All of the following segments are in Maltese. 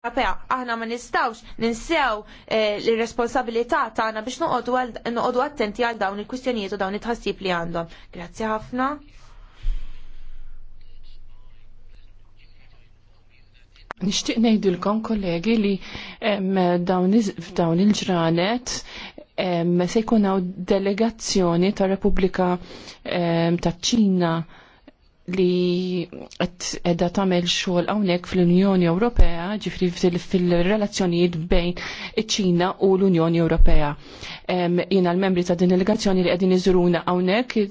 Ewropea, aħna ma nistawx ninsew eh, l-responsabilità tagħna biex noqogħdu attenti għal dawn il-kwistjonijiet u dawn it-tħassib li għandhom. Grazzi ħafna. Nixtieq ngħidilkom kollegi li f'dawn il-ġranet se jkun hawn delegazzjoni tar Repubblika taċ Ċina li qed tamel tagħmel xogħol hawnhekk fl-Unjoni Ewropea, ġifri fil-relazzjonijiet bejn iċ-Ċina u l-Unjoni Ewropea. Jiena l-membri ta' din delegazzjoni li qegħdin iżuruna hawnhekk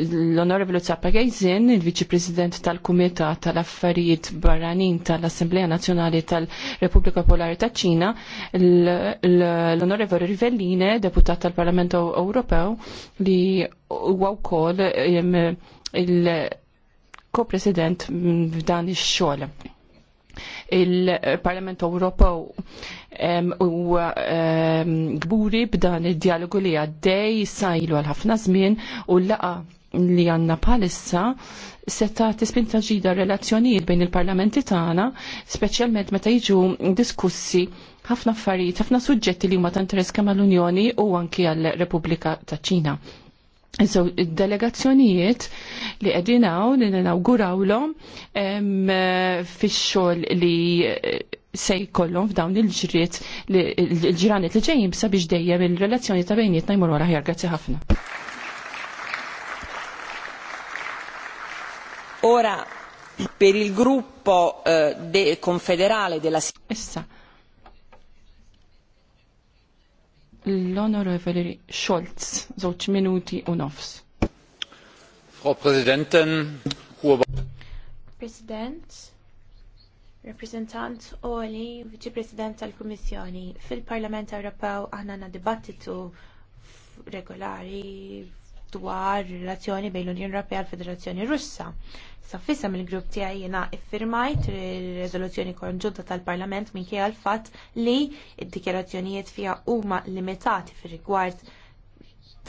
l-Onorevolu Zappa Gejzin, il-Viċi President tal-Kumitat tal-Affarijiet Barranin tal-Assembleja Nazzjonali tal-Repubblika Polari ta' Ċina, l-Onorevolu Rivelline, deputat tal-Parlament Ewropew, li huwa wkoll il- ko-president f'dan ix-xogħol. Il-Parlament Ewropew u gburi b'dan id-dialogu li għaddej sajlu għal ħafna żmien u laqa li għanna palissa seta tispinta ġida relazzjonijiet bejn il-parlamenti tagħna, speċjalment meta jiġu diskussi ħafna affarijiet, ħafna suġġetti li huma ta' interess kemm għall-Unjoni u anki għall-Repubblika ta' Ċina. Iżaw, id-delegazzjonijiet li għedinaw, li l-om fix xol li eh, se jkollhom f'dawn il-ġriet il-ġranet li ġejjin sabiex dejjem il-relazzjoni ta' bejniet najmur wara ħjar għazzi ħafna. Ora per il gruppo konfederale eh, della Issa l-Onorevoli Scholz, żewġ minuti u nofs. Frau Präsidentin, hohe President, Rappresentant Oli, Viċi President tal-Kummissjoni, fil-Parlament Ewropew aħna na dibattitu regolari dwar relazzjoni bejn l-Unjoni Ewropea u l-Federazzjoni Russa. Sa fissa mill-grupp tiegħi jiena iffirmajt ir-riżoluzzjoni konġunta tal-Parlament minkejja l-fatt li d-dikjarazzjonijiet fiha huma limitati fir-rigward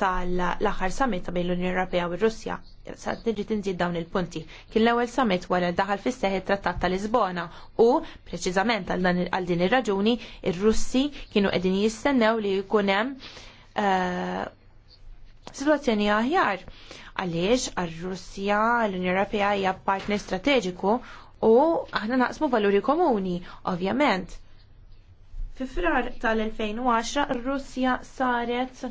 tal-aħħar summit ta' bejn l-Unjoni Ewropea u r-Russja sa' tiġi tinżid dawn il-punti. Kien l-ewwel summit wara daħal fis seħħ trattat ta' Lisbona u preċiżament għal din ir-raġuni ir-Russi kienu qegħdin jistennew li jkun hemm eh, situazzjoni aħjar. Għaliex għal-Russja l-Unjoni Ewropea hija partner strateġiku u aħna naqsmu valuri komuni, ovvjament. Fi frar tal-2010 Russja saret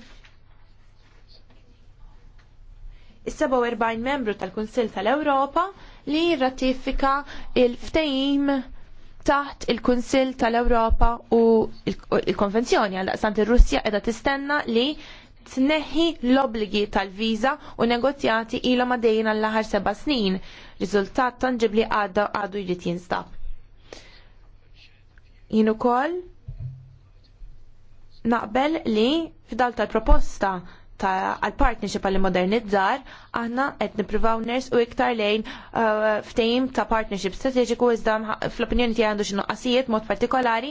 47 membru tal-Kunsill tal-Ewropa li ratifika il-ftehim taħt il-Kunsill tal-Ewropa u il-Konvenzjoni għal daqsant ir-Russja qiegħda tistenna li tneħħi l-obligi tal-viża u negozjati ilhom għaddejjin għall-aħħar seba' snin. Riżultat tanġibli għadda għadu jrid jinstab. Jien ukoll naqbel li f'dal tal-proposta għal-partnership għal modernizzar aħna qed nippruvaw ners u iktar lejn uh, ftehim ta' partnership strateġiku iżda fl-opinjoni tiegħi għandu xi nuqqasijiet mod partikolari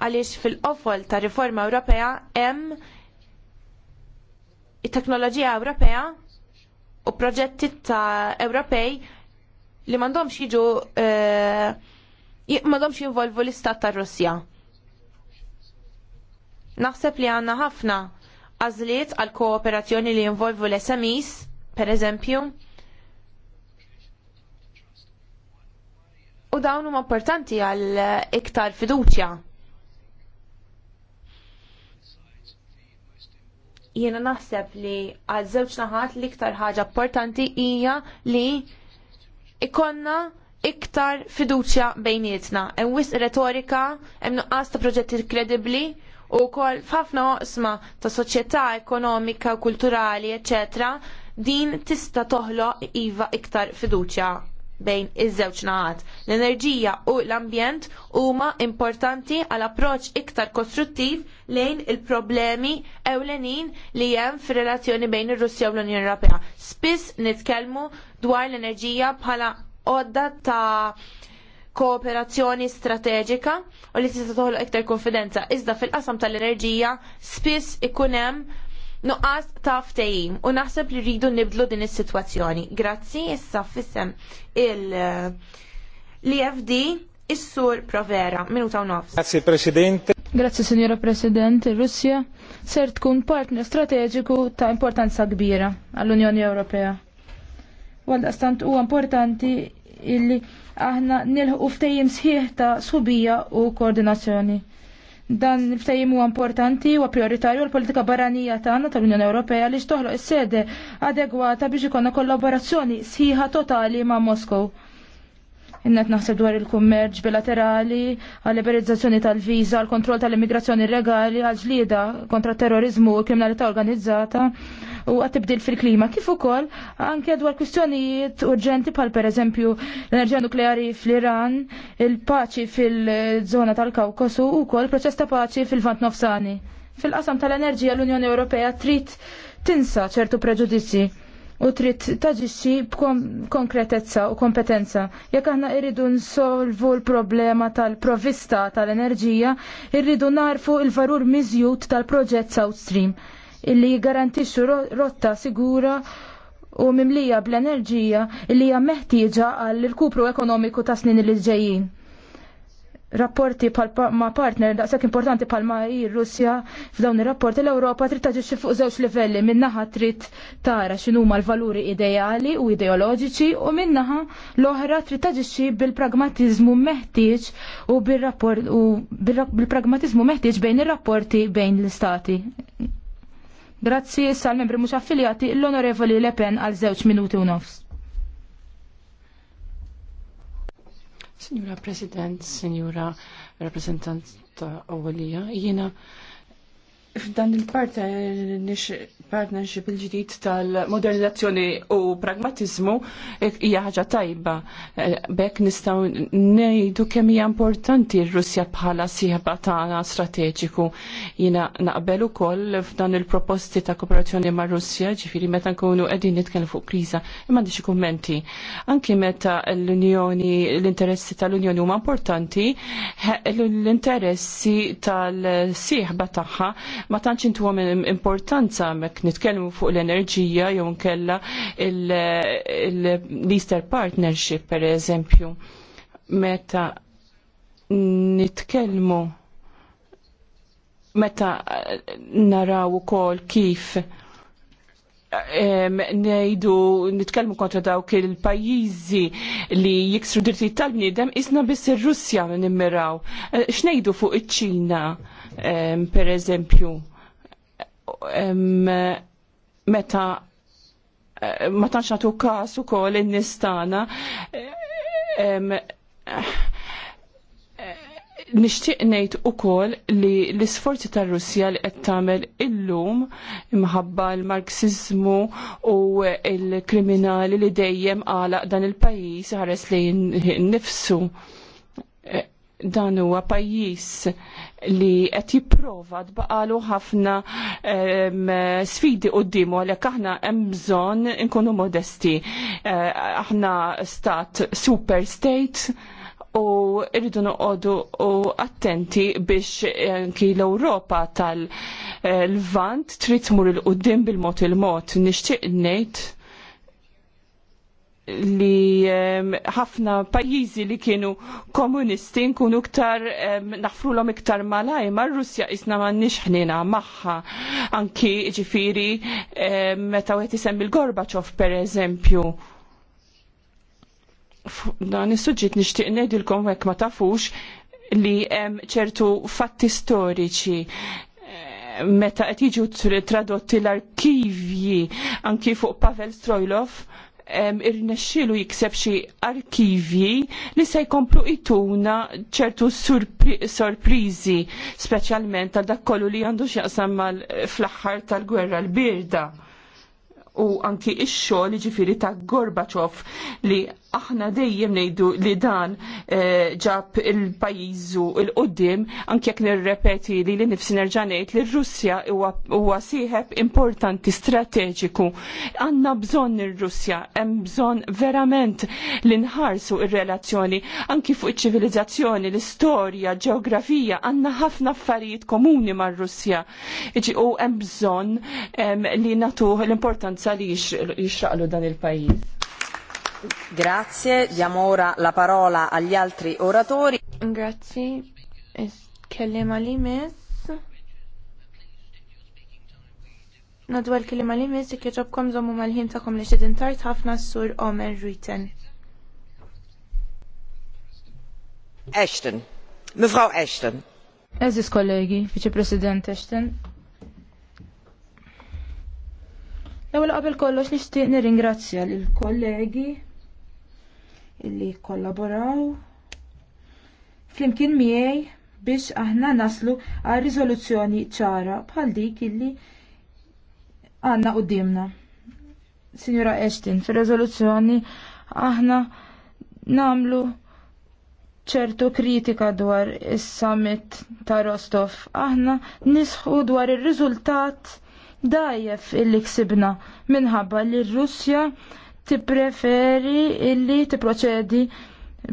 għaliex fil-qofol ta' riforma Ewropea hemm it-teknoloġija Ewropea u proġetti ta' Ewropej li mandomx jiġu eh, mandomx jinvolvu l-istat ta' Russja. Naħseb li għanna ħafna għazliet għal kooperazzjoni li jinvolvu l smis per eżempju, u dawn huma importanti għal iktar fiduċja Jiena naħseb li għal żewġ naħat l-iktar ħaġa importanti hija li ikonna iktar fiduċja bejnietna. Hemm wisq retorika, hemm nuqqas ta' proġetti kredibbli u wkoll f'ħafna oqsma ta' soċjetà ekonomika, kulturali, eċetera, din tista' toħloq iva iktar fiduċja bejn iż-żewġ naħat. L-enerġija u l-ambjent huma importanti għal approċċ iktar kostruttiv lejn il-problemi ewlenin li hemm fir-relazzjoni bejn ir-Russja u l-Unjoni Ewropea. Spiss nitkellmu dwar l-enerġija bħala għodda ta' kooperazzjoni strateġika u li tista' toħloq iktar konfidenza. Iżda fil-qasam tal-enerġija spiss ikun hemm nuqqas ta' ftejim u naħseb li rridu nibdlu din is-sitwazzjoni. Grazzi issa fissem il eh, l is-sur Provera minuta u nofs. Grazzi Presidente. Grazzi Signora President, Russia ser tkun partner strateġiku ta' importanza kbira għall-Unjoni Ewropea. Għalda stant u importanti illi aħna nilħu ftejim sħiħ ta' subija u koordinazzjoni. Dan il-ftajim huwa importanti u prioritarju l-politika barranija tagħna tal-Unjoni Ewropea li toħloq is-sede adegwata biex ikonna kollaborazzjoni sħiħa totali ma' Moskow. Innet naħseb dwar il-kummerġ bilaterali, għal-liberizzazzjoni tal-viża, għal-kontroll tal-immigrazzjoni regali, għal-ġlida kontra terrorizmu u kriminalità organizzata, u għat-tibdil fil-klima. Kif ukoll anke dwar kwistjonijiet urġenti pal per eżempju l-enerġija nukleari fl-Iran, il-paċi fil-żona tal-Kawkasu u kol proċess ta' paċi fil-Vant Nofsani. Fil-qasam tal-enerġija l-Unjoni Ewropea trid tinsa ċertu preġudizzi u trid taġixxi b'konkretezza u kompetenza. Jekk aħna irridu nsolvu l-problema tal-provista tal-enerġija, irridu narfu il-varur miżjud tal-proġett South Stream illi jgarantixxu rotta sigura u mimlija bl-enerġija illi hija meħtieġa għall kupru ekonomiku ta' snin li ġejjin. Rapporti ma' partner daqshekk importanti pal ma' Russja f'dawn ir-rapporti l-Ewropa trid taġixxi fuq żewġ livelli minnaħa trid tara x'inhuma l-valuri ideali u ideoloġiċi u minnaħa l-oħra trid taġixxi bil-pragmatiżmu meħtieġ u bil-pragmatiżmu meħtieġ bejn ir-rapporti bejn l-istati. Grazzi sal-membri mhux affiliati l-Onorevoli Le Pen għal żewġ minuti u nofs. Signora President, Signora rappresentanta Ewwelija, jina F'dan il-partnership il-ġdid tal-modernizzazzjoni u pragmatizmu eh, hija ħaġa tajba. Eh, bekk nistgħu ngħidu kemm hija importanti r-Russja bħala sieħba tagħna strateġiku. Jiena naqbel ukoll f'dan il-proposti ta' kooperazzjoni ma' Russja, ġifieri meta nkunu qegħdin nitkellmu fuq kriża, imma għandi xi kummenti. Anki meta l-Unjoni l-interessi tal-Unjoni huma importanti, l-interessi tal-sieħba tagħha ma tantx intuhom importanza mek nitkellmu fuq l-enerġija jew nkella l-Easter Partnership per eżempju. Meta nitkellmu meta naraw ukoll kif nejdu nitkellmu kontra dawk il-pajjiżi li jiksru drittijiet tal-bniedem isna biss ir-Russja nimmiraw. Eh, X'ngħidu fuq iċ-Ċina pereżempju meta eh, ma tantx nagħtu każ ukoll in-nistana Nixtieq ngħid ukoll li l-isforzi tar-Russja li qed tagħmel illum imħabba l-Marxiżmu u l-kriminali li dejjem għalaq dan il-pajjiż ħares li nnifsu e, dan huwa pajjiż li qed jipprova tbaqalu ħafna sfidi quddiemu għalhekk aħna hemm bżonn inkunu modesti. E, aħna stat super state u rridu noqogħdu u attenti biex eh, anki l-Ewropa tal-Vant trid tmur il qudiem bil-mod il-mod. Nixtieq ngħid li ħafna pajjiżi li kienu komunisti nkunu iktar naħfrulhom iktar malaj ma' Russja isna m'għandniex ħnina magħha anki ġifiri meta wieħed isem il-Gorbaċov pereżempju dan is-suġġiet nixtieq ngħidilkom hekk ma tafux li hemm ċertu fatti storiċi eh, meta qed jiġu tradotti l-arkivji anki fuq Pavel Strojlov irnexxielu jikseb xi arkivji li se jkomplu ituna ċertu sorpriżi, speċjalment għal dak kollu li għandu x'jaqsam fl-aħħar tal-gwerra l-birda u anki ix-xogħol jiġifieri ta' Gorbaċov li aħna dejjem ngħidu li dan eh, ġab il pajizu il-qudiem anki jekk nirrepeti li li nifsi nerġa' ngħid li r-Russja huwa sieħeb importanti strateġiku. Għandna bżonn il russja hemm bżonn verament li nħarsu il relazzjoni anki fuq iċ-ċivilizzazzjoni, l-istorja, ġeografija, għandna ħafna affarijiet komuni mar-Russja. U hemm bżonn li nagħtuh l-importanza li jixraqlu dan il-pajjiż. Grazie, diamo ora la parola agli altri oratori. Grazie, kellema għal-imes. Nadu għal-kellem għal-imes, zomu mal-ħin takom li xedin tart ħafna sur Omer Ruiten. Ashton, mifraw Ashton. Eżis kollegi, viċe-president Ashton. L-ewwel qabel kollox nixtieq nirringrazzja l kollegi illi kollaboraw flimkien miegħi biex aħna naslu għal riżoluzzjoni ċara bħal dik illi għanna qudiemna. Signora Ashton, fir-riżoluzzjoni aħna namlu ċertu kritika dwar is-summit ta' Rostov. Aħna nisħu dwar ir-riżultat dajjef illi ksibna minħabba li r-Russja tippreferi illi tipproċedi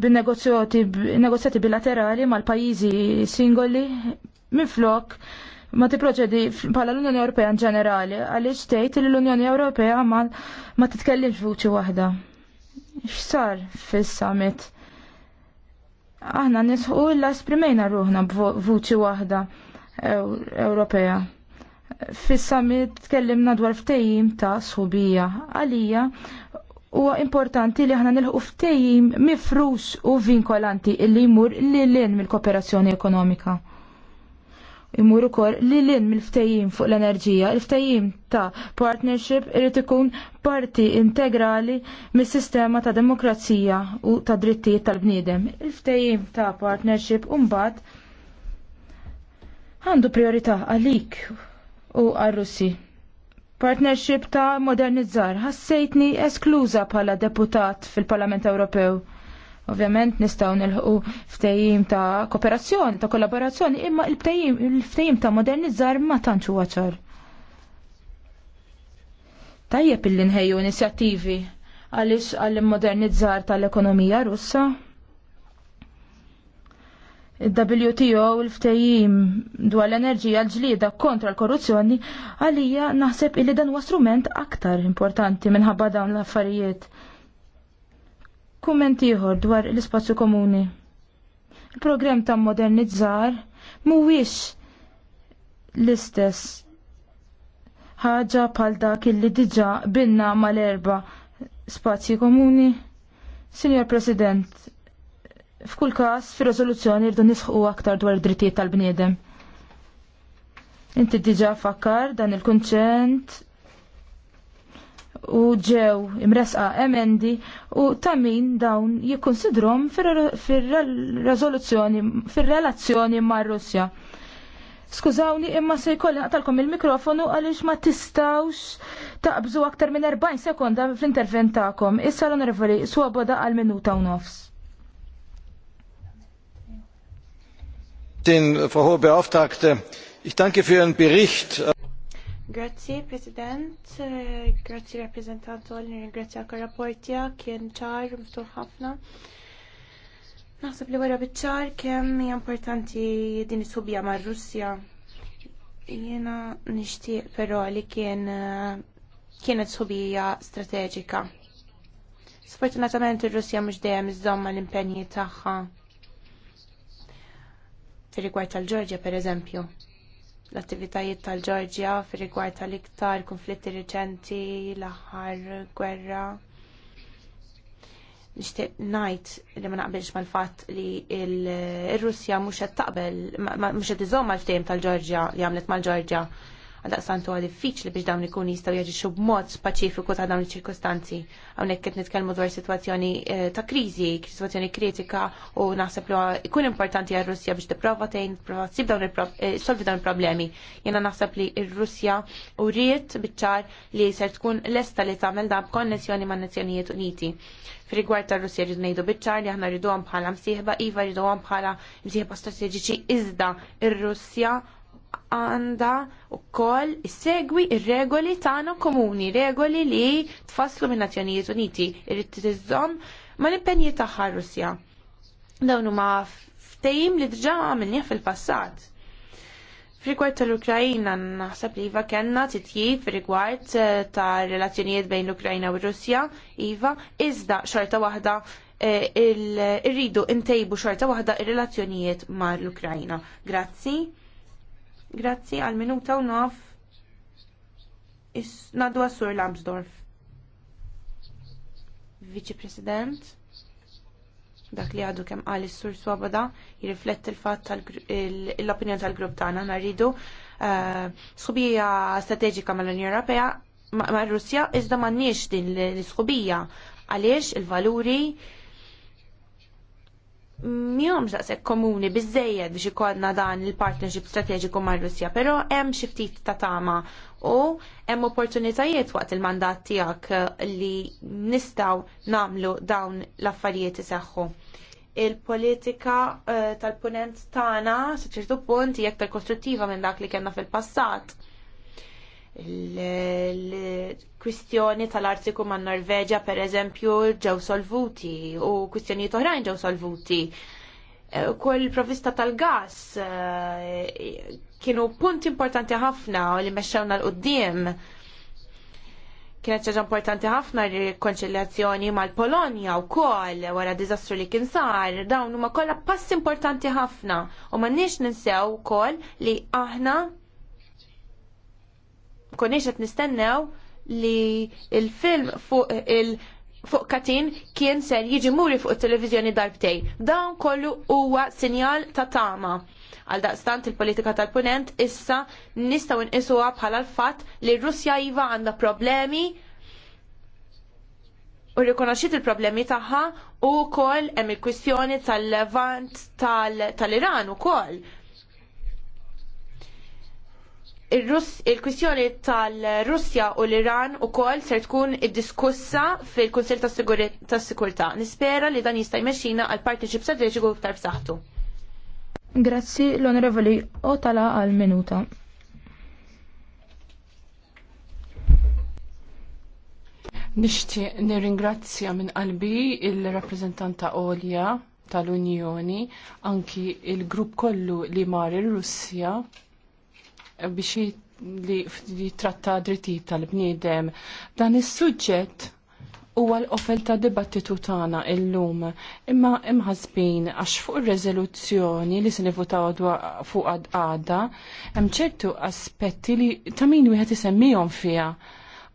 bin-negozjati bilaterali mal-pajjiżi singoli minflok ma tipproċedi bħala l-Unjoni Ewropea in ġenerali għaliex tgħid li l-Unjoni Ewropea ma, ma titkellimx vuċi waħda. X'sar fis-summit? Aħna nisħu illa sprimejna ruħna b'vuċi waħda Ewropea. Fis-summit tkellimna dwar ftehim ta' sħubija għalija huwa importanti li ħana nilħu ftejim mifrux u vinkolanti illi jmur lilin mill-kooperazzjoni ekonomika. Jmur ukoll lilin mill-ftejim fuq l-enerġija, il-ftejim ta' partnership irid ikun parti integrali mis-sistema ta' demokrazija u ta' drittijiet tal-bniedem. Il-ftejim ta' partnership umbat għandu priorità għalik u għal-Russi partnership ta' modernizzar. Ħassejtni eskluża bħala deputat fil-Parlament Ewropew. Ovvjament nistgħu nilħu ftehim ta' kooperazzjoni, ta' kollaborazzjoni, imma il-ftehim ta' modernizzar ma tantx huwa ċar. Tajjeb il nħejju inizjattivi għaliex għall-modernizzar tal-ekonomija russa il-WTO u l-ftejim dwar l-enerġija l-ġlida kontra l-korruzzjoni, għalija naħseb illi dan huwa strument aktar importanti minħabba dawn l-affarijiet. Kumment ieħor dwar l-ispazju komuni. Il-programm ta' modernizzar mhuwiex l-istess ħaġa bħal dak illi diġà binna mal-erba' spazji komuni. Signor President, F'kull każ, fir-riżoluzzjoni rridu nisħu aktar dwar id-drittijiet tal-bniedem. Inti diġa fakkar dan il-kunċent u ġew imresqa emendi u tamin dawn jikkonsidrom fir-rezoluzzjoni fir-relazzjoni mar-Russja. Skużawni imma se jkolli naqtalkom il-mikrofonu għaliex ma tistawx taqbżu aktar minn 40 sekonda fl-intervent tagħkom. Issa l-onorevoli swoboda għal minuta u nofs. Präsidentin, Frau Hohe Beauftragte. Ich danke für Ihren Bericht. Grazie President, eh, grazie rappresentanti għal ringrazzja għal rapportja kien ċar mftuħ ħafna. Naħseb li wara biċ-ċar kemm hija importanti din is-subja mar-Russja. Jiena nixtieq però li kien eh, kienet subija strateġika. Sfortunatament ir-Russja mhux dejjem iżomma l-impenji tagħha fir-rigward tal-Ġorġja pereżempju. L-attivitajiet tal-Ġorġja fir-rigward tal-iktar konflitti riċenti, l-aħħar gwerra. Nixtieq ngħid li ma naqbilx mal-fatt li r russja mhux qed taqbel mhux qed iżomm mal-ftehim tal-Ġorġja li għamlet mal-Ġorġja Għaldaqstant huwa diffiċli biex dawn ikun jistgħu jaġixxu b'mod pacifiku ta' dawn il ċirkostanzi Hawnhekk qed nitkellmu dwar sitwazzjoni eh, ta' kriżi, sitwazzjoni kritika u naħseb li ikun importanti għal Russja biex tipprova prova tipprova dawn eh, solvi dawn il-problemi. Jiena naħseb li r-Russja u biċ-ċar li ser tkun lesta li tagħmel da b'konnessjoni man-Nazzjonijiet Uniti fil russija Russja rridu ngħidu biċ-ċar li aħna rridu bħala msieħba iva rridu bħala msieħba strategiċi iżda il russja għanda u koll segwi regoli tagħna komuni, regoli li tfasslu minn Nazzjonijiet Uniti, irrid tiżżomm ma l tagħha r Russja. Dawn huma ftehim li diġà għamilnieh fil-passat. Frigward tal-Ukrajna naħseb li Iva kellna titjib rigward eh, ta' relazzjonijiet bejn l-Ukrajna u Russja, Iva, iżda xorta waħda eh, irridu ntejbu xorta waħda ir-relazzjonijiet mar l-Ukrajna. Grazzi. Grazzi għal minuta u nof nadu għassur Lambsdorf. Viċi President, dak li għadu kem għal sur Swabada jirrifletti il fat l-opinjoni tal-grupp tagħna narridu subija eh, sħubija strateġika mal-Unjoni Ewropea ma' Russja iżda m'għandniex din l-sħubija għaliex il-valuri miħomx daqseg komuni bizzejed biex ikonna dan il-partnership strategiku mar russja pero hemm xi ftit ta' tama u hemm opportunitajiet waqt il-mandat tiegħek eh, li nistgħu namlu dawn l-affarijiet iseħħu. Il-politika uh, tal-punent tagħna, sa ċertu punt, jek aktar kostruttiva minn dak li kellna fil-passat l-kwistjoni tal-Artiku man Norveġa per eżempju ġew solvuti u kwistjonijiet oħrajn ġew solvuti. Eh, Kull provista tal-gas eh, kienu punt importanti ħafna u li mexxewna l-qoddim kienet ċaġa importanti ħafna r-konċiljazzjoni mal-Polonja u kol wara dizastru li kien sar, dawn huma kollha pass importanti ħafna u ma nix ninsew kol li aħna konniex qed nistennew li il-film fuq il- fuq katin kien ser jiġi muri fuq il-televizjoni darbtej. Dawn kollu huwa sinjal ta' tama. Għal daqstant il-politika tal-punent issa nistaw nqisuha bħala l-fatt li Russja iva għandha problemi u rikonoxxiet il-problemi tagħha u wkoll hemm il-kwistjoni tal-levant tal-Iran ukoll. Tal il-kwistjoni il tal-Russja u l-Iran u kol ser tkun id-diskussa fil-Kunsil tas sikurta Nispera li dan jista' jmexxina għal partnership strateġiku iktar b'saħħtu. Grazzi l-Onorevoli Otala għal minuta. Nixtieq nirringrazzja minn qalbi il-rappreżentanta Olja tal-Unjoni, anki il-grupp kollu li mar ir russja biex jitratta dritti tal-bniedem. Dan is-suġġett huwa l-qofel ta' dibattitu tagħna illum imma imħazbin għax fuq il-rezoluzzjoni li se nivutaw fuq għadqada hemm ċertu aspetti li ta' min wieħed isemmihom fiha.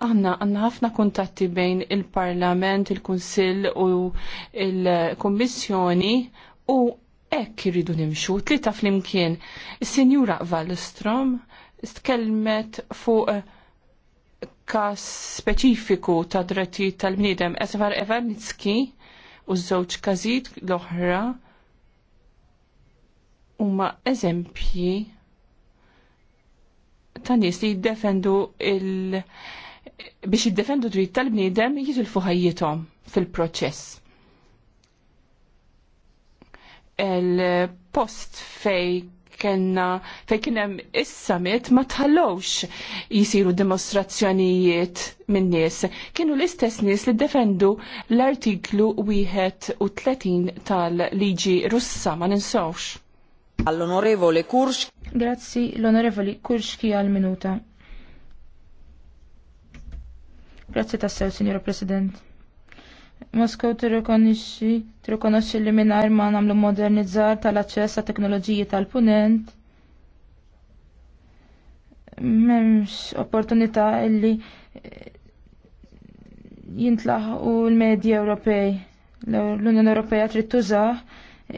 Aħna għandna ħafna kuntatti bejn il-Parlament, il-Kunsill u il-Kummissjoni u Ekk irridu nimxu, tlita flimkien. is senjura Wallstrom stkellmet fuq eh, kas speċifiku ta' drittijiet tal-bniedem Esvar Evanitski u żewġ każijiet l-oħra huma eżempji ta' nies li jiddefendu il- biex jiddefendu dritt tal-bniedem jitilfu ħajjithom fil-proċess il-post fej kena fej kienem is-summit ma tħallowx jisiru dimostrazzjonijiet minn nies. Kienu l-istess nies li defendu l-artiklu 31 tal-liġi russa ma ninsawx. All-onorevole Kurx. Grazzi, l-onorevoli Kurx ki għal-minuta. Grazzi tassew, signora President. Moskow tirrikonoxxi tirrikonoxxi li mingħajr ma nagħmlu modernizzar tal-aċċess għat teknoloġiji tal-punent m'hemmx opportunità illi eh, jintlaħqu l-medji Ewropej. L-Unjoni Ewropea trid tużah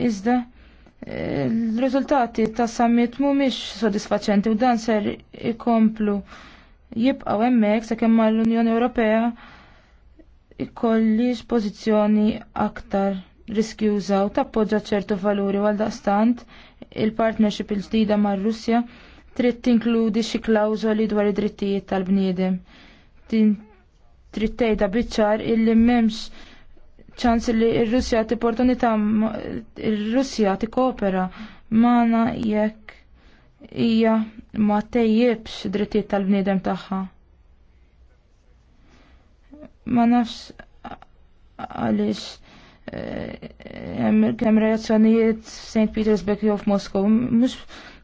iżda eh, l-riżultati tas summit mhumiex sodisfaċenti u dan ser ikomplu jibqgħu hemmhekk sakemm mal-Unjoni Ewropea ikollix pożizzjoni aktar riskjuża u tappoġġa ċertu valuri għal daqstant il-partnership il-ġdida mar russja trid tinkludi xi klawżoli dwar id-drittijiet tal-bniedem. Trid tgħidha biċ-ċar illi m'hemmx ċans li r-Russja t-opportunità ir-Russja tikkopera magħna jekk hija ma tejjibx drittijiet tal-bniedem tagħha ma nafx għalix eh, kemm reazzjonijiet St. Petersburg jew f'Moskow, mhux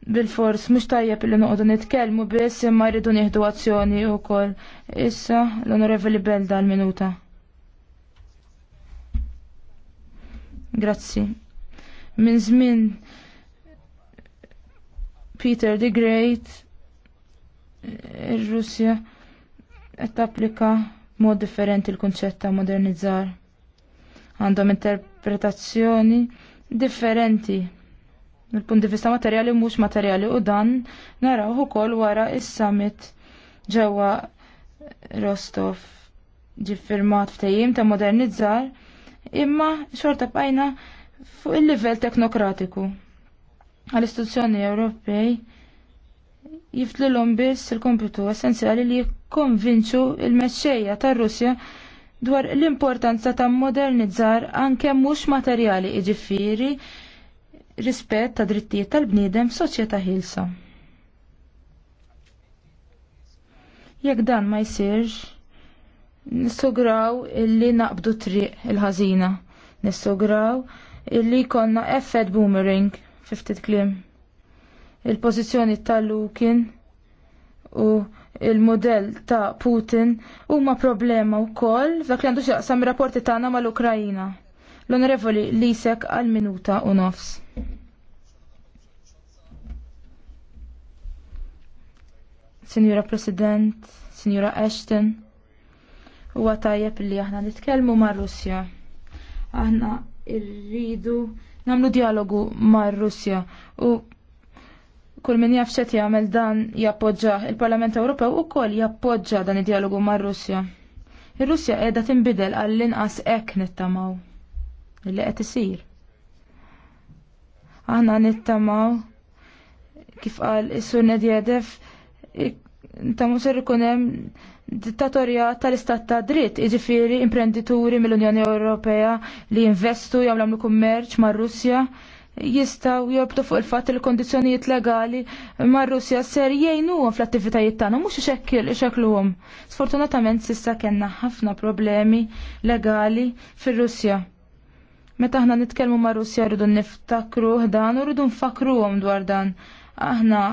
bil-fors, mhux tajjeb li noqogħdu nitkellmu biss imma jridu nieħdu azzjoni wkoll. Issa l-Onorevoli Belda l-minuta. Grazzi. Minn żmien Peter the Great ir-Russja eh, qed applika mod differenti l-kunċett ta' modernizzar. Għandhom interpretazzjoni differenti mill-punt di vista materjali mhux materjali u dan naraw ukoll wara is-summit ġewwa Rostov ġi firmat ftehim ta' modernizzar imma xorta bajna fuq il-livell teknokratiku. Għal-istituzzjoni Ewropej jiftlilhom biss il-kompitu essenzjali li konvinċu il-mexxejja tar-Russja dwar l-importanza ta' modernizzar anke mhux materjali iġifieri rispett ta' drittijiet tal-bniedem f'soċjetà ħilsa. Jekk dan ma jsirx, nissugraw illi naqbdu triq il-ħażina, nissugraw illi konna effett boomerang ftit kliem. Il-pożizzjoni tal-lukin u il-modell ta' Putin huma problema wkoll f'dak li għandu xaqsam rapporti tagħna mal-Ukrajina. L-Onorevoli Lisek għal minuta u nofs. Signora President, Signora Ashton, huwa tajjeb li aħna nitkellmu mar Russja. Aħna rridu nagħmlu dialogu mar Russja u kull min jaf xed jagħmel dan jappoġġa il-Parlament Ewropew ukoll jappoġġa dan id-dialogu mar-Russja. Ir-Russja qiegħda tinbidel għall-inqas hekk nittamaw Illi qed isir. Aħna nittamaw kif qal is-Sur Nedjedev ntamu ser ikun hemm dittatorja tal-istat ta' dritt, iġifieri imprendituri mill-Unjoni Ewropea li jinvestu jagħmlu kummerċ mar-Russja jistaw jobdu fuq il-fat il-kondizjonijiet legali ma' Russja ser jgħinuhom fl-attivitajiet tagħna mhux ixekkil għom. Sfortunatament s'issa kellna ħafna problemi legali fir-Russja. Meta aħna nitkellmu ma' Russja rridu niftakru dan u rridu nfakruhom dwar dan. Aħna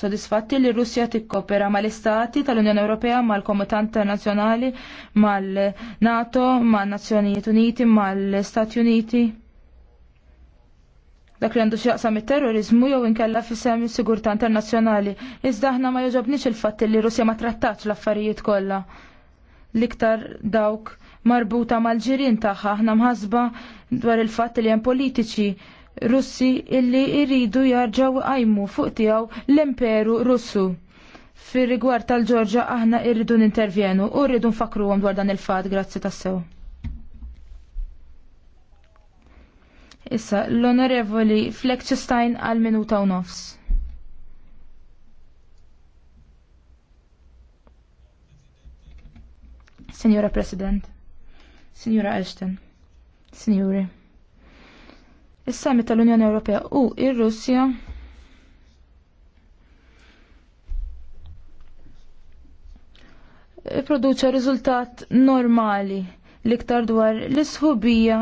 sodisfatti li Russja tikkopera mal-istati tal-Unjoni Ewropea, mal-Komitat Internazzjonali, mal-NATO, mal-Nazzjonijiet Uniti, mal-Stati Uniti dak li għandu xjaqsam il-terrorizmu jew inkella fissem sigurta internazzjonali. Iżda aħna ma joġobniex il-fatt li Russja ma trattax l-affarijiet kollha. L-iktar dawk marbuta mal-ġirien tagħha aħna mħasba dwar il-fatt li hemm politiċi Russi illi jridu jarġaw għajmu fuq tiegħu l-imperu Russu. Fir rigward tal-Ġorġa aħna irridu nintervjenu u rridu nfakruhom dwar dan il-fatt grazzi tassew. Issa, l-onorevoli Fleckstein għal minuta u nofs. Signora President, Signora Ashton, Signori. il summit tal-Unjoni Ewropea u il russja produċa riżultat normali l-iktar dwar l-isħubija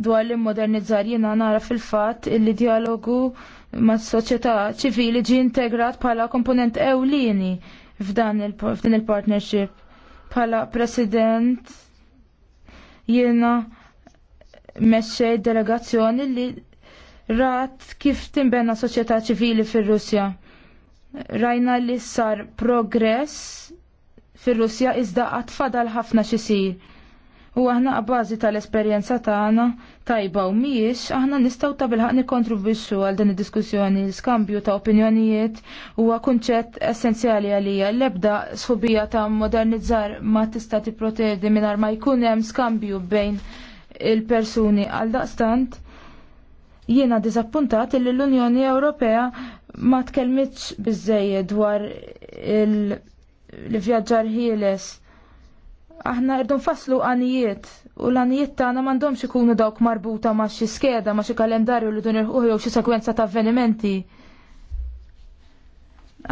dwar li modernizzar jina nara fil-fat illi dialogu ma' soċjetà ċivili ġi integrat bħala komponent ewlieni f'dan il-partnership. Pala bħala president jiena meċċej delegazzjoni li rat kif timbenna soċjetà ċivili fir-Russja. Rajna li sar progress fir-Russja iżda għatfadal ħafna xisir U aħna għabbażi tal-esperjenza tagħna tajba u miex aħna nistgħu ta' bilħaq nikkontribwixxu għal din id-diskussjoni l-skambju ta' opinjonijiet huwa kunċett essenzjali għalija l-ebda sħubija ta' modernizzar ma tista' tipprotedi mingħajr ma jkun hemm skambju bejn il-persuni għal daqstant jiena diżappuntat li l-Unjoni Ewropea ma tkellmitx biżejjed dwar il-vjaġġar ħieles Aħna rridu nfasslu għanijiet u l-għanijiet tagħna m'għandhomx ikunu dawk marbuta ma' xi skeda ma' xi kalendarju li dun irħuħ jew xi sekwenza ta' avvenimenti.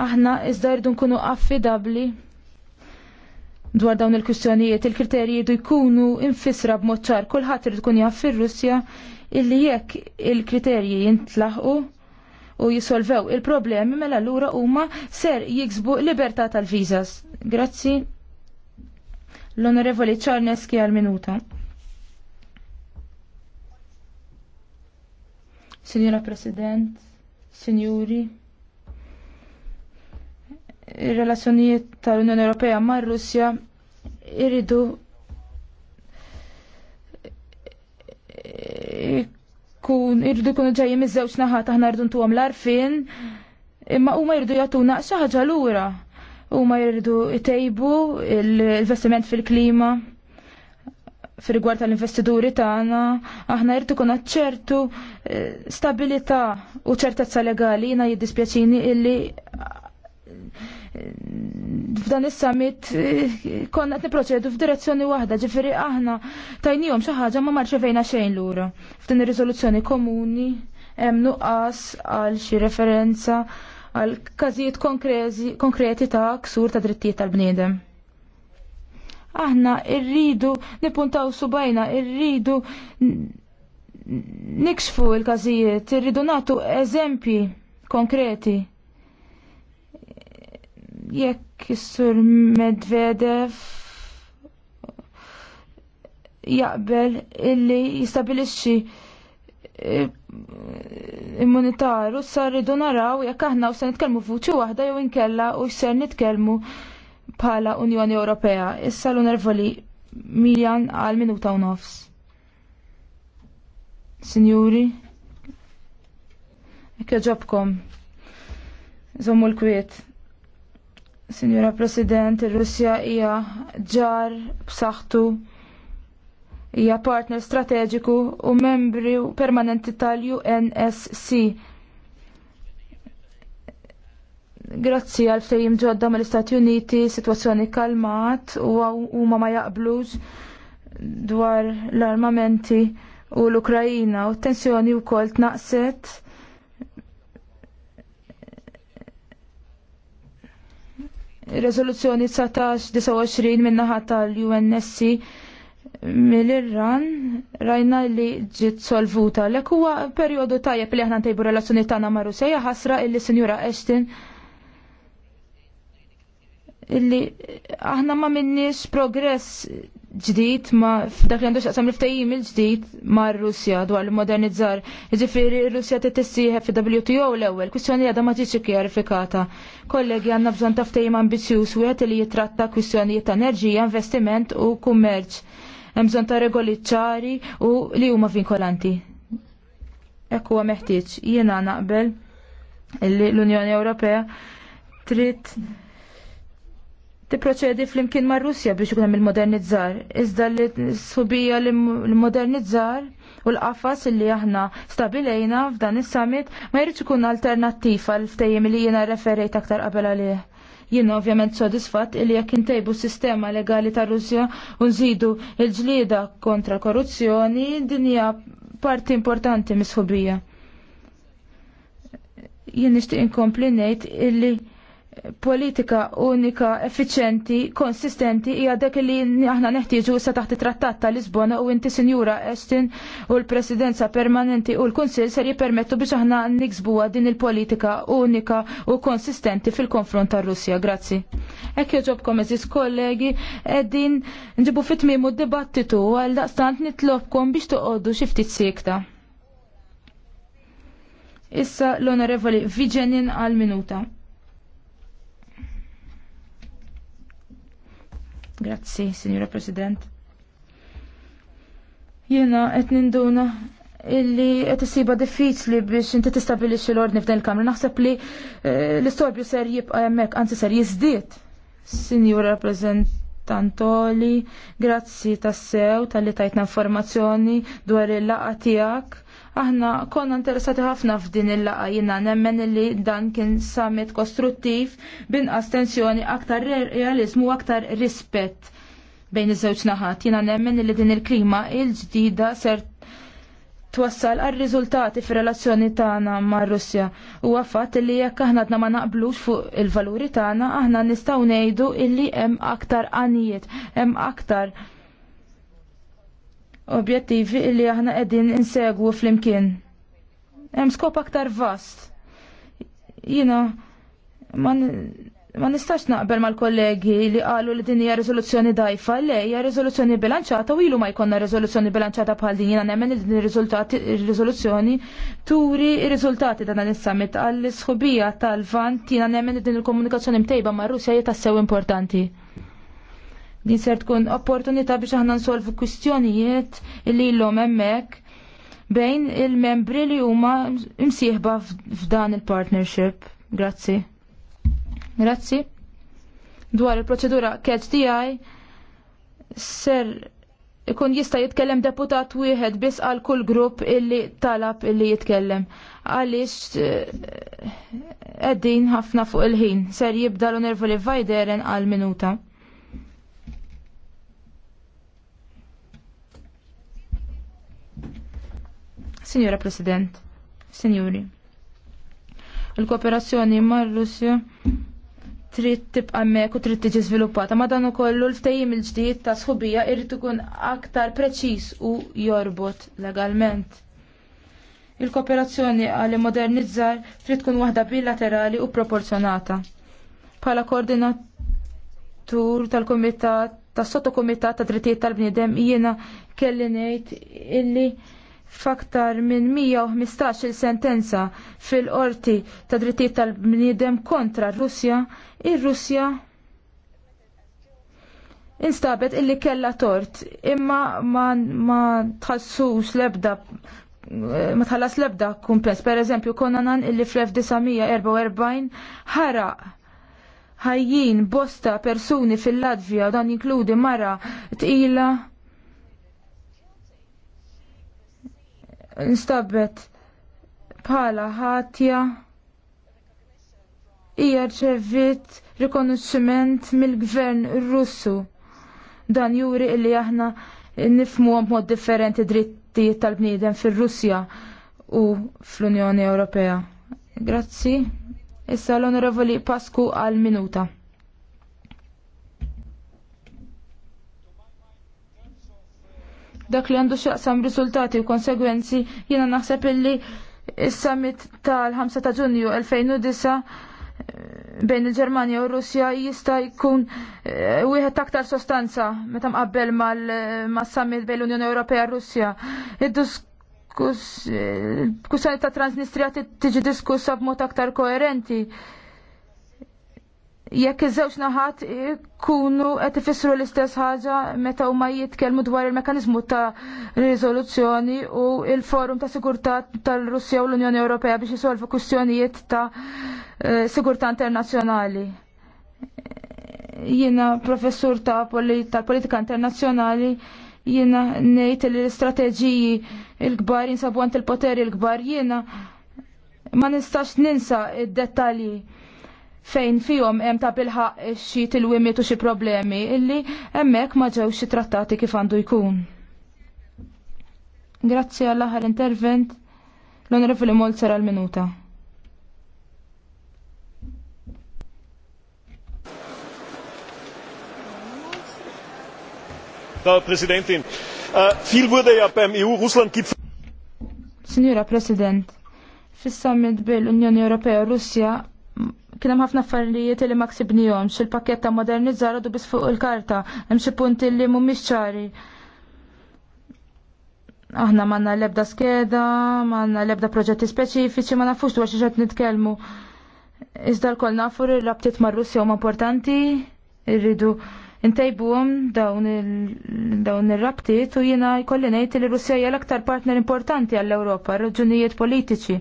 Aħna iżda rridu nkunu affidabbli dwar dawn il-kwistjonijiet, il-kriterji jridu jkunu infisra b'mod ċar. Kulħadd irid ikun jaf fir-Russja illi jekk il-kriterji jintlaħqu u jisolvew il-problemi mela lura huma ser jiksbu libertà tal-viżas. Grazzi. L-Onorevoli Czarneski għal minuta. Signora President, Signori, il-relazzjonijiet tal-Unjoni Ewropea mar Russja irridu kun irridu kunu ġejjin miż-żewġ naħat aħna rridu ntuhom l-arfin imma huma jridu jagħtuna xi ħaġa lura u ma jridu tejbu l-investiment fil-klima fir rigward tal-investiduri tagħna, aħna jrid ikun ċertu eh, stabilità u ċertezza legali jiena jiddispjaċini illi eh, f'dan is-summit eh, konna qed niproċedu f'direzzjoni waħda, ġifieri aħna tajnihom xi ħaġa ma marċevejna xejn lura. F'din ir-riżoluzzjoni komuni hemm nuqqas għal xi referenza għal każijiet konkreti ta' ksur ta' drittijiet tal-bniedem. Aħna irridu nipuntaw subajna, irridu nikxfu il-każijiet, irridu natu eżempji konkreti. Jekk is-sur Medvedev jaqbel illi jistabilixxi eh, immunità russa rridu naraw jekk aħna u s nitkellmu fuċi waħda jew inkella u ser nitkellmu bħala Unjoni Ewropea. Issa l-unervoli Miljan għal minuta u nofs. Sinjuri, jekk ġobkom, zommu l-kwiet. Sinjura President, il-Russja hija ġar b'saħħtu hija partner strateġiku u membri permanenti tal-UNSC. Grazzi għal fejjim ġodda mill-Istati Uniti, situazzjoni kalmat u huma ma jaqblux dwar l-armamenti u l-Ukrajina u tensjoni u kol tnaqset. Rezoluzzjoni 19-29 minnaħat tal-UNSC mill-Iran rajna li ġiet solvuta Lek huwa perjodu tajjeb li aħna ntejbu relazzjoni tagħna ma' Russija ħasra illi Sinjura Ashton illi aħna ma minniex progress ġdid ma f'dak li għandu xaqsam l-ftajim il-ġdid ma Russja dwar l-modernizzar. Ġifiri Russja t-tessiħe fi WTO l-ewel, kwistjoni għadha ma ġiċi kjarifikata. Kollegi għanna bżon ta' ftajim ambizjus u li jitratta kwistjonijiet ta' enerġija, investiment u kummerċ hemm bżonn ta' regoli ċari u li huma vinkolanti. Hekk huwa meħtieġ jiena naqbel li l-Unjoni Ewropea trid tipproċedi flimkien mar Russja biex ikun hemm il-modernizzar. Iżda li subija l-modernizzar u l-qafas li aħna stabilejna f'dan is-summit ma jridx ikun alternattiva għal ftejjem li jiena referejt aktar qabel għalih. Jien ovvjament sodisfatt li jekk intejbu sistema legali ta' Russja u nżidu l-ġlieda kontra korruzzjoni din hija parti importanti misħubija. Jien nixtieq inkompli ngħid illi politika unika, efficienti, konsistenti hija dak li aħna neħtieġu sa taħt it-trattat ta' Lisbona u inti Sinjura Estin u l-Presidenza Permanenti u l-Kunsill ser jippermettu biex aħna niksbuha din il-politika unika u konsistenti fil-konfront tar-Russja. Grazzi. Ekk joġobkom eżis kollegi, eddin nġibu fitmimu d-dibattitu għal daqstant nitlobkom biex tuqoddu xiftit sikta. Issa l-onorevoli Vigenin għal minuta. Grazzi, Signora President. Jena qed ninduna illi qed isiba diffiċli biex inti tistabilixxi l-ordni f'dan il-kamra. Naħseb li eh, l-istorbju ser jibqa' hemmhekk, anzi ser jiżdied. Signora Rappresentantoli, grazzi tassew tal-li tajtna informazzjoni dwar il-laqa tiegħek Aħna konna interessati ħafna f'din il-laqa jina nemmen li dan kien summit kostruttiv binqas tensjoni aktar realizmu u aktar rispett bejn iż-żewġ naħat. Jina nemmen li din il-klima il-ġdida ser twassal għal riżultati fir relazzjoni tagħna mar Russja. U għaffat li jekk aħna ma naqblux fuq il-valuri tagħna, aħna nistgħu ngħidu illi hemm aktar għanijiet, hemm aktar objettivi li aħna qegħdin insegwu flimkien. Hemm skop aktar vast. Jiena ma nistax naqbel mal-kollegi li qalu li din hija riżoluzzjoni dajfa, le hija riżoluzzjoni bilanċata u ilu ma jkollna riżoluzzjoni bilanċata bħal din jiena nemmen li din riżoluzzjoni turi r-riżultati dan is-summit għall-sħubija tal-vant jiena nemmen li din il-komunikazzjoni mtejba mar-Russja hija tassew importanti. Din ser tkun opportunità biex aħna nsolvu kwistjonijiet li l-lom emmek bejn il-membri li huma msieħba f'dan il-partnership. Grazzi. Grazzi. Dwar il-proċedura catch DI ser ikun jista' jitkellem deputat wieħed biss għal kull grupp illi talab illi jitkellem. Għaliex qegħdin eh, ħafna fuq il-ħin. Ser jibda l unervoli vajderen għal minuta. Signora President, Signori, il-kooperazzjoni ma' Russja trid tibqa' mek u trid tiġi żviluppata. Ma dan ukoll l-ftehim il-ġdid ta' sħubija jrid ikun aktar preċiż u jorbot legalment. Il-kooperazzjoni għal modernizzar trid tkun waħda bilaterali u proporzjonata. Bħala koordinatur tal-Kumitat tas sottokumitat ta' Drittijiet tal-Bniedem jiena kelli ngħid illi faktar minn 115 il sentenza fil-qorti ta' drittijiet tal-bniedem kontra r-Russja, ir-Russja instabet illi kella tort, imma ma, ma tħassux lebda ma tħallas lebda kumpens. Per eżempju, Konanan illi fl-1944 ħaraq ħajjin bosta persuni fil-Latvija u dan jinkludi mara tqila instabet bħala ħatja hija rċevit rikonoxximent mill-gvern Russu. Dan juri illi aħna nifmu mod differenti dritti tal-bniedem fir-Russja u fl-Unjoni Ewropea. Grazzi. Issa l-Onorevoli Pasku għal minuta. dak li għandu xaqsam riżultati u konsegwenzi jiena naħseb illi il summit tal-5 ta' Ġunju 2009 eh, bejn il-Ġermanja u Russja jista' jkun eh, wieħed aktar sostanza meta mqabbel mal-summit eh, bejn l-Unjoni Ewropea u Russja. Id-dus kussjoni ta' Transnistria tiġi diskussa b'mod aktar koerenti jekk iż-żewġ naħat kunu qed ifissru l-istess ħaġa meta huma jitkellmu dwar il-mekanizmu ta' riżoluzzjoni u il-forum ta' sigurtà tal-Russja u l-Unjoni Ewropea biex isolvu kwistjonijiet ta' eh, sigurtà internazzjonali. Jiena professur ta' politika internazzjonali jiena ngħid li l-istrateġiji l-kbar jinsabu għand il-poteri l-kbar jiena ma nistax ninsa id-dettalji fejn fihom hemm ta' bilħaq xi tilwimiet u xi problemi illi hemmhekk ma ġewx trattati kif għandu jkun. Grazzi għall aħħar intervent l-Onorevoli Molzer għal minuta. Frau Präsidentin, äh, viel wurde ja beim EU-Russland-Gipfel. Signora President, fis bil-Unjoni Ewropea u Russja kien hemm ħafna affarijiet li ma ksibnihomx il pakketta ta' modernizzar għadu biss fuq il-karta, hemm xi punti li mhumiex ċari. Aħna manna l-ebda skeda, manna l-ebda proġetti speċifiċi, ma nafux dwar xi qed nitkellmu. Iżda l-kol nafu li rabtiet mar Russja huma importanti, irridu intejbuhom dawn ir-rabtiet u jiena jkolli ngħid li Russja hija l-aktar partner importanti għall-Ewropa, raġunijiet politiċi.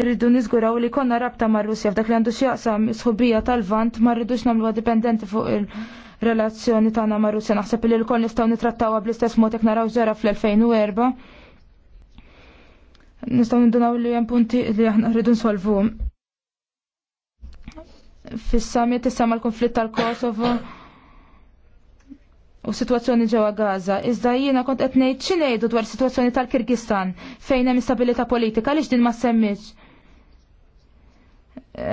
Irridu niżguraw li konna rabta ma' Russja f'dak li għandu x'jaqsam sħubija tal-vant ma rridux nagħmluha dipendenti fuq il-relazzjoni tagħna ma' Russja. Naħseb li l-kol nistgħu nitrattawha bl-istess mod jekk naraw ġara fl-2004. Nistgħu nindunaw li hemm punti li aħna rridu nsolvu. Fis-summit issama l-konflitt tal-Kosovo u situazzjoni ġewwa Gaza. Iżda jiena kont qed ngħid xi ngħidu dwar situazzjoni tal-Kirgistan fejn hemm istabilità politika għaliex din ma semmitx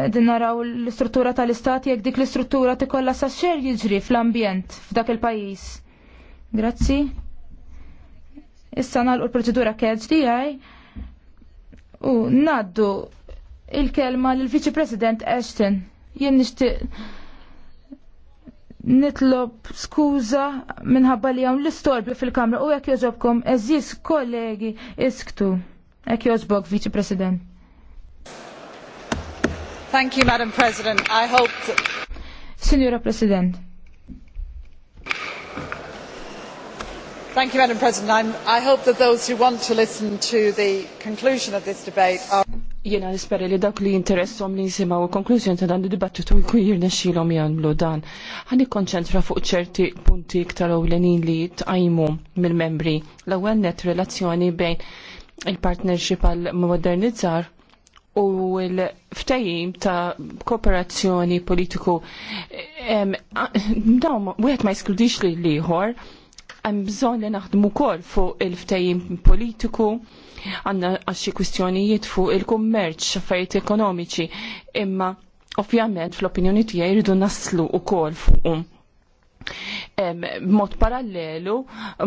din naraw l-istruttura tal-istat jekk dik l-istruttura tikolla sa xer jiġri fl-ambjent f'dak il-pajis. Grazzi. Issa nagħlqu l-proċedura kedġ tiegħi u naddu il-kelma l viċi President Ashton. Jien nixtieq nitlob skuża minħabba li hawn l-istorbju fil-kamra u jekk jogħġobkom eżis kollegi isktu. Jekk jogħġbok Viċi President. Thank you, Madam President. I hope that... Signora President. Thank you, Madam President. I'm, I hope that those who want to listen to the conclusion of this debate are... Jena nispera li dawk li interessom li jisimaw konklużjoni ta' dan id-dibattitu jkun jirnexxilhom jagħmlu dan. Ħani konċentra fuq ċerti punti iktar ewlenin li tqajmu mill-membri. L-ewwel net relazzjoni bejn il-partnership għal modernizzar u l-ftajim ta' kooperazzjoni politiku dawn wieħed ma jskludix li liħor hemm bżonn li naħdmu wkoll fuq il-ftajim politiku għanna għaxi kwistjonijiet fuq il-kummerċ affarijiet ekonomiċi imma ovvjament fl-opinjoni tiegħi jridu naslu wkoll fuqhom. B'mod parallelu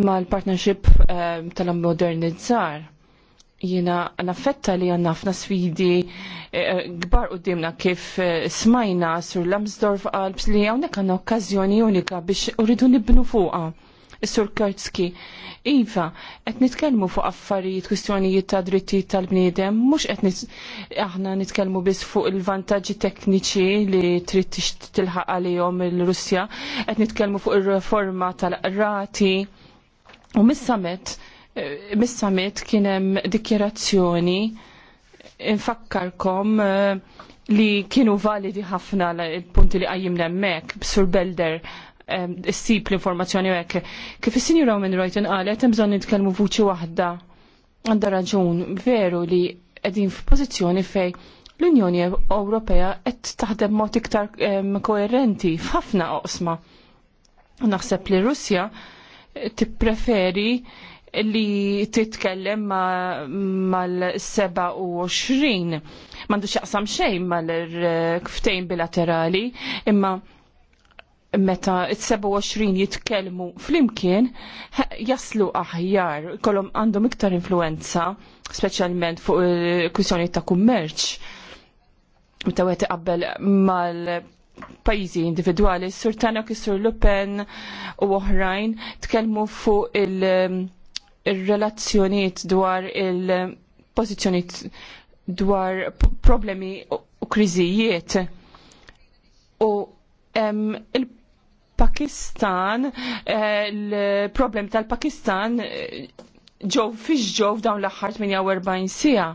mal-partnership tal-modernizzar jina naffetta li għanna ħafna sfidi gbar eh, eh, u dimna kif eh, smajna sur Lamsdorf Alps li għawnek għanna okkazjoni unika biex uridu nibnu fuqa. Sur Kurtski, Iva, qed nitkellmu fuq affarijiet, kwistjonijiet ta' drittijiet tal-bniedem, mhux qed aħna nitkellmu biss fuq il-vantaġġi tekniċi li trid tilħaq għalihom il-Russja, qed nitkellmu fuq ir-reforma tal-qrati u mis samet Eh, mis-summit kien hemm dikjerazzjoni infakkarkom eh, li kienu validi ħafna il-punti li qajjim hemmhekk b'Sur Belder eh, s-sip l-informazzjoni hekk. Kif is sinju Roman Reuten qalet hemm bżonn nitkellmu vuċi waħda għandha raġun veru li qegħdin f'pożizzjoni fej l-Unjoni Ewropea qed taħdem mod iktar koerenti f'ħafna oqsma. Naħseb li Russja tippreferi li titkellem mal-27 mandu xaqsam xejn mal-ftejn bilaterali imma meta il-27 jitkellmu flimkien jaslu aħjar kolom għandhom iktar influenza specialment fuq il il-kwissjoni ta' kummerċ meta għet qabbel mal pajizi individuali, Sur Tanok, Sur Lupen u oħrajn tkellmu fuq il- il relazzjonijiet dwar il-pożizzjonijiet dwar problemi u kriżijiet. U il-Pakistan, eh, il-problem tal-Pakistan eh, ġew fiġ ġew dawn l-aħħar 48 sija.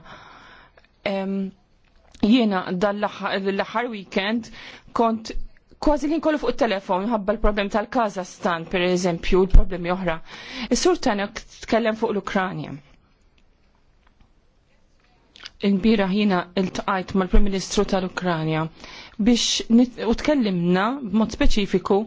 Jiena dan l-aħħar weekend kont kważi li nkollu fuq il-telefon, ħabba l-problem tal-Kazastan, per eżempju, l-problemi oħra. Is-sur tanok tkellem fuq l-Ukranja. Il-bira jina il-tqajt mal-Prim Ministru tal-Ukranja biex u tkellimna b'mod speċifiku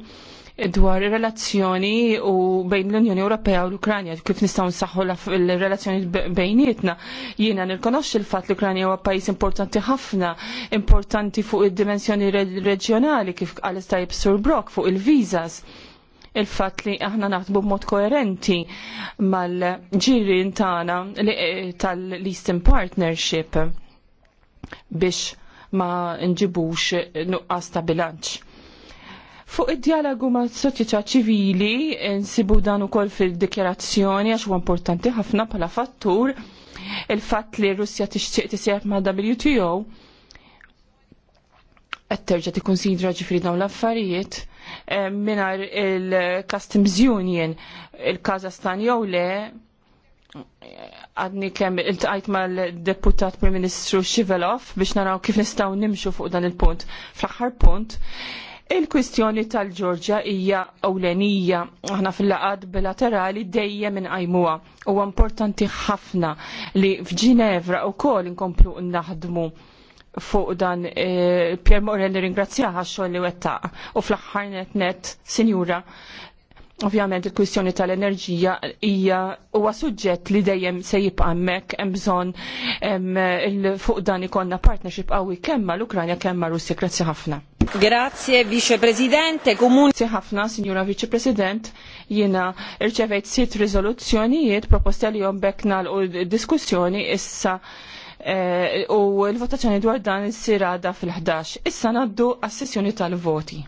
dwar relazzjoni u bejn l-Unjoni Ewropea u l-Ukranja, kif nistgħu nsaħħu l-relazzjoni bejnietna. Jiena nirkonoxxi l-fatt l-Ukranja huwa pajjiż importanti ħafna, importanti fuq id-dimensjoni reġjonali kif qal tajb Sur Brok fuq il-viżas il-fatt li aħna naħdmu b'mod koerenti mal ġiri tagħna e, tal-Eastern Partnership biex ma nġibux nuqqas ta' bilanċ Fuq id-dialogu ma' soċjetà ċivili, nsibu dan ukoll fil-dikjerazzjoni għax huwa importanti ħafna bħala fattur il-fatt li Russja tixtieq tisjeb ma' WTO qed terġa' tikkunsidra ġifri dawn l-affarijiet eh, mingħajr il-Customs Union il-Kazastan jew le għadni kemm iltqajt mal-deputat Prim Ministru Shivelov biex naraw kif nistgħu nimxu fuq dan il-punt. Fl-aħħar punt, Il-kwistjoni tal-Ġorġja hija ewlenija aħna fil-laqad bilaterali dejjem inqajmuha. Huwa importanti ħafna li f'Ġinevra wkoll inkomplu naħdmu fuq dan e, Pier Morelli nirringrazzjaha xogħol li wettaq u fl-aħħar net net, Sinjura, Ovvjament il-kwistjoni tal-enerġija hija huwa suġġett li dejjem se jibqa' hemmhekk hemm bżonn fuq dan ikollna partnership qawwi kemm mal-Ukranja kemm mar-Russja. Grazzi ħafna. Grazie Vice Presidente Comuni. Grazie ħafna Signora Vice President, jiena rċevejt sitt riżoluzzjonijiet proposta li jom u diskussjoni issa eh, u l-votazzjoni dwar dan is-sirada fil-11. Issa naddu għas-sessjoni tal-voti.